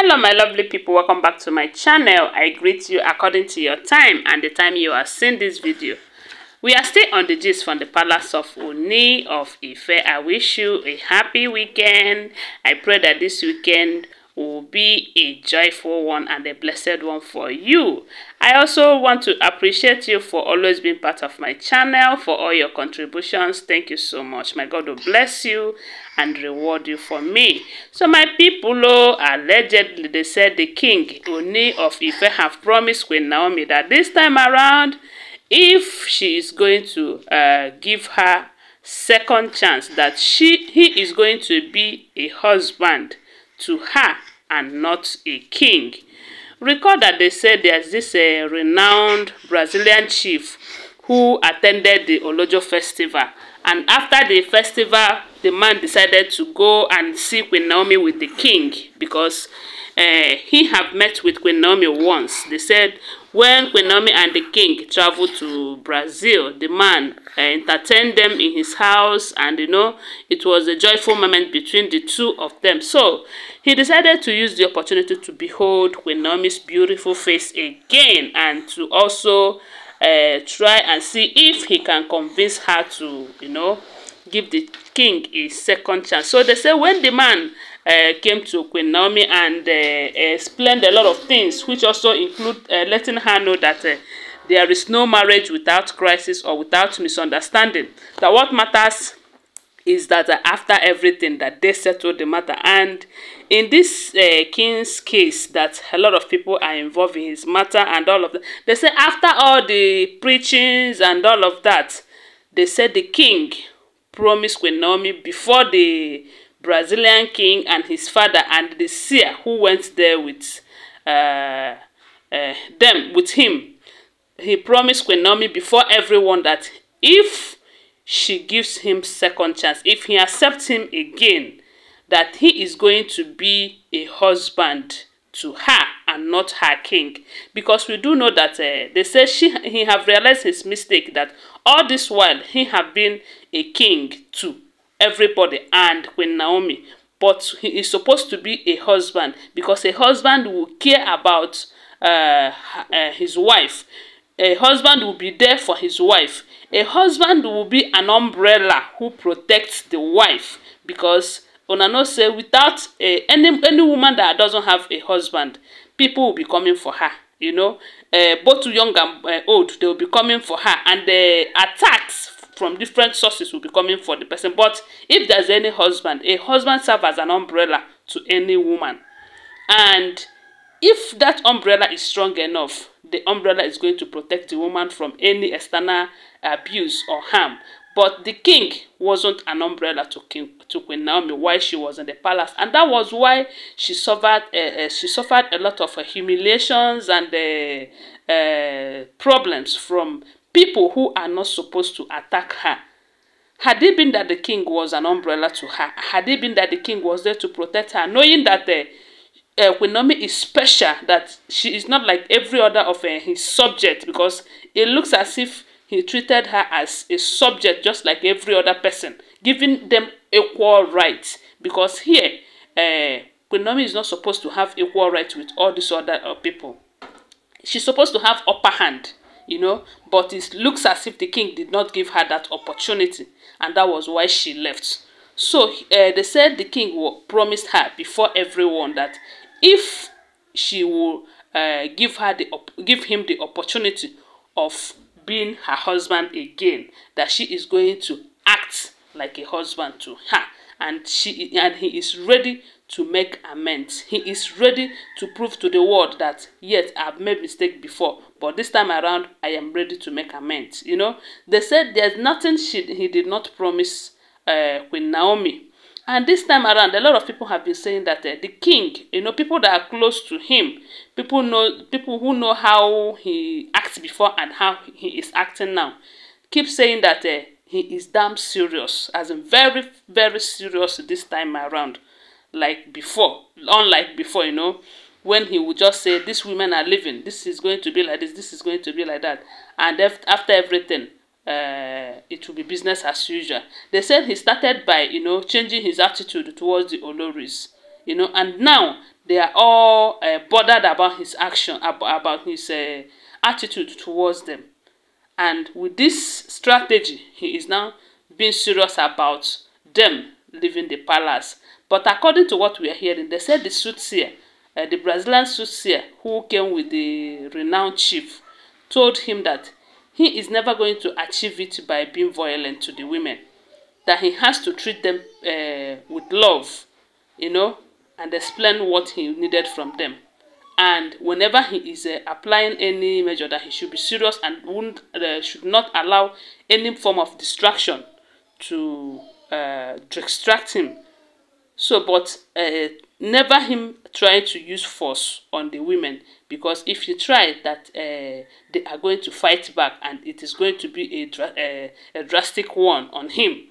hello my lovely people welcome back to my channel i greet you according to your time and the time you are seeing this video we are still on the gist from the palace of Oni of Ife. I wish you a happy weekend. I pray that this weekend will be a joyful one and a blessed one for you. I also want to appreciate you for always being part of my channel, for all your contributions. Thank you so much. My God will bless you and reward you for me. So my people, oh, allegedly they said the king, Oni of Ife, have promised Queen Naomi that this time around, if she is going to uh, give her second chance, that she he is going to be a husband to her and not a king. Recall that they said there's this uh, renowned Brazilian chief who attended the Olojo festival. And after the festival, the man decided to go and see Queen Naomi with the king because uh, he had met with Queen Naomi once. They said When Queen Naomi and the king traveled to Brazil, the man uh, entertained them in his house, and you know, it was a joyful moment between the two of them. So he decided to use the opportunity to behold Queen Naomi's beautiful face again and to also uh, try and see if he can convince her to, you know, give the king a second chance. So they say when the man uh, came to Queen Naomi and uh, uh, explained a lot of things, which also include uh, letting her know that uh, there is no marriage without crisis or without misunderstanding. That what matters is that uh, after everything that they settled the matter and in this uh, king's case that a lot of people are involved in his matter and all of that they say after all the preachings and all of that they said the king promised queen naomi before the Brazilian king and his father and the seer who went there with uh, uh, them with him. He promised Queen Naomi before everyone that if she gives him second chance, if he accepts him again, that he is going to be a husband to her and not her king because we do know that uh, they say she he have realized his mistake that all this while he have been a king too everybody and Queen Naomi. But he is supposed to be a husband because a husband will care about uh, uh, his wife. A husband will be there for his wife. A husband will be an umbrella who protects the wife because una know say without a, any any woman that doesn't have a husband, people will be coming for her. You know, uh, both young and uh, old, they will be coming for her, and the attacks from different sources will be coming for the person. But if there's any husband, a husband serves as an umbrella to any woman. And if that umbrella is strong enough, the umbrella is going to protect the woman from any external abuse or harm. But the king wasn't an umbrella to King to Queen Naomi while she was in the palace, and that was why she suffered. Uh, uh, she suffered a lot of uh, humiliations and eh, problems from people who are not supposed to attack her. Had it been that the king was an umbrella to her, had it been that the king was there to protect her, knowing that the uh, Queen uh, is special, that she is not like every other of uh, his subject, because it looks as if he treated her as a subject just like every other person, giving them equal rights. Because here, uh, Queen is not supposed to have equal rights with all these other uh, people. She's supposed to have upper hand you know but it looks as if the king did not give her that opportunity and that was why she left so uh, they said the king promised her before everyone that if she will uh, give her the give him the opportunity of being her husband again that she is going to act like a husband to her and she and he is ready to make amends. He is ready to prove to the world that, yes, I've made mistake before, but this time around, I am ready to make amends. You know, they said there's nothing she, he did not promise uh, Queen Naomi. And this time around, a lot of people have been saying that uh, the king, you know, people that are close to him, people know people who know how he acts before and how he is acting now, keep saying that uh, he is damn serious, as in very, very serious this time around like before unlike before you know when he would just say these women are living this is going to be like this this is going to be like that and after everything uh, it will be business as usual they said he started by you know changing his attitude towards the oloris you know and now they are all uh, bothered about his action ab about his uh, attitude towards them and with this strategy he is now being serious about them leaving the palace. But according to what we are hearing, they said the soothsayer, uh, the Brazilian soothsayer who came with the renowned chief, told him that he is never going to achieve it by being violent to the women, that he has to treat them uh, with love, you know, and explain what he needed from them. And whenever he is uh, applying any measure, that he should be serious and uh, should not allow any form of distraction to uh, extract him. So, but uh, never him trying to use force on the women because if you try that, uh, they are going to fight back and it is going to be a, dra- a, uh, a drastic one on him.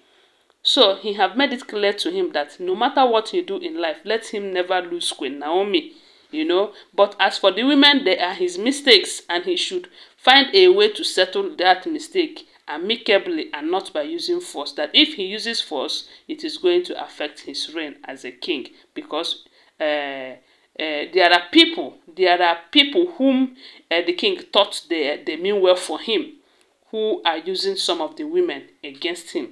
So he have made it clear to him that no matter what you do in life, let him never lose Queen Naomi you know but as for the women they are his mistakes and he should find a way to settle that mistake amicably and not by using force. That if he uses force, it is going to affect his reign as a king because uh, uh, there are people, there are people whom uh, the king thought they, they mean well for him who are using some of the women against him.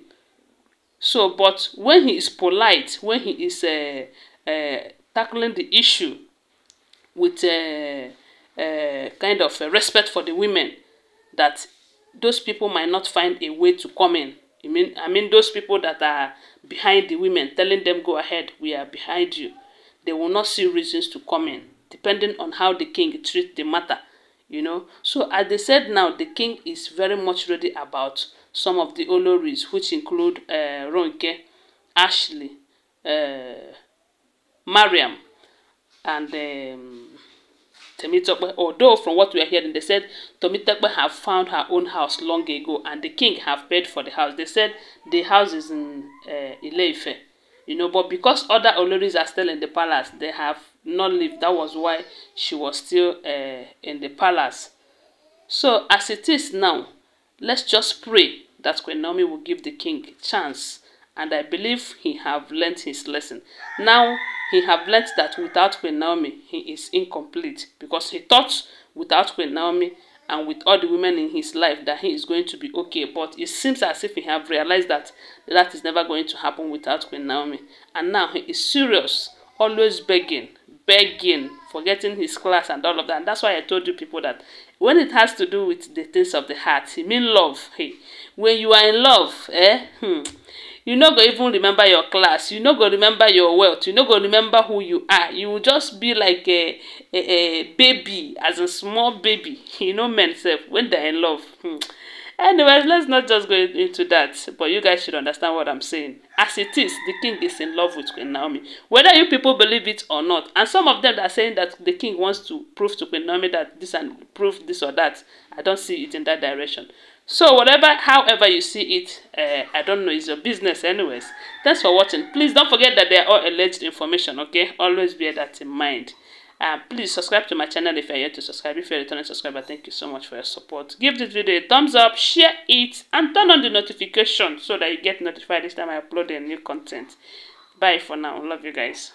So, but when he is polite, when he is uh, uh, tackling the issue with a, uh, a uh, kind of a respect for the women, that those people might not find a way to come in. I mean, I mean those people that are behind the women, telling them go ahead, we are behind you. They will not see reasons to come in, depending on how the king treats the matter. You know, so as they said now, the king is very much ready about some of the honorees, which include uh, Ronke, Ashley, uh, Mariam, and um, Temitope, although from what we are hearing, they said Temitope have found her own house long ago and the king have paid for the house. They said the house is in uh, Ileife, you know, but because other Oloris are still in the palace, they have not lived. That was why she was still uh, in the palace. So as it is now, let's just pray that Queen Naomi will give the king chance and I believe he have learnt his lesson. Now he have learnt that without Queen Naomi, he is incomplete because he thought without Queen Naomi and with all the women in his life that he is going to be okay. But it seems as if he have realized that that is never going to happen without Queen Naomi. And now he is serious, always begging, begging, forgetting his class and all of that. And that's why I told you people that when it has to do with the things of the heart, he mean love. Hey, when you are in love, eh? Hmm, you no go even remember your class you no go remember your wealth you no go remember who you are you will just be like a, a, a baby as a small baby you know men sef when they're in love hmm. anyways let's not just go into that but you guys should understand what i'm saying as it is the king is in love with queen naomi whether you people believe it or not and some of them are saying that the king wants to prove to queen naomi that this and prove this or that i don't see it in that direction So whatever, however you see it, uh, I don't know, it's your business anyways. Thanks for watching. Please don't forget that they are all alleged information, okay? Always bear that in mind. Uh, please subscribe to my channel if you are yet to subscribe. If you are a returning subscriber, thank you so much for your support. Give this video a thumbs up, share it, and turn on the notification so that you get notified each time I upload a new content. Bye for now. Love you guys.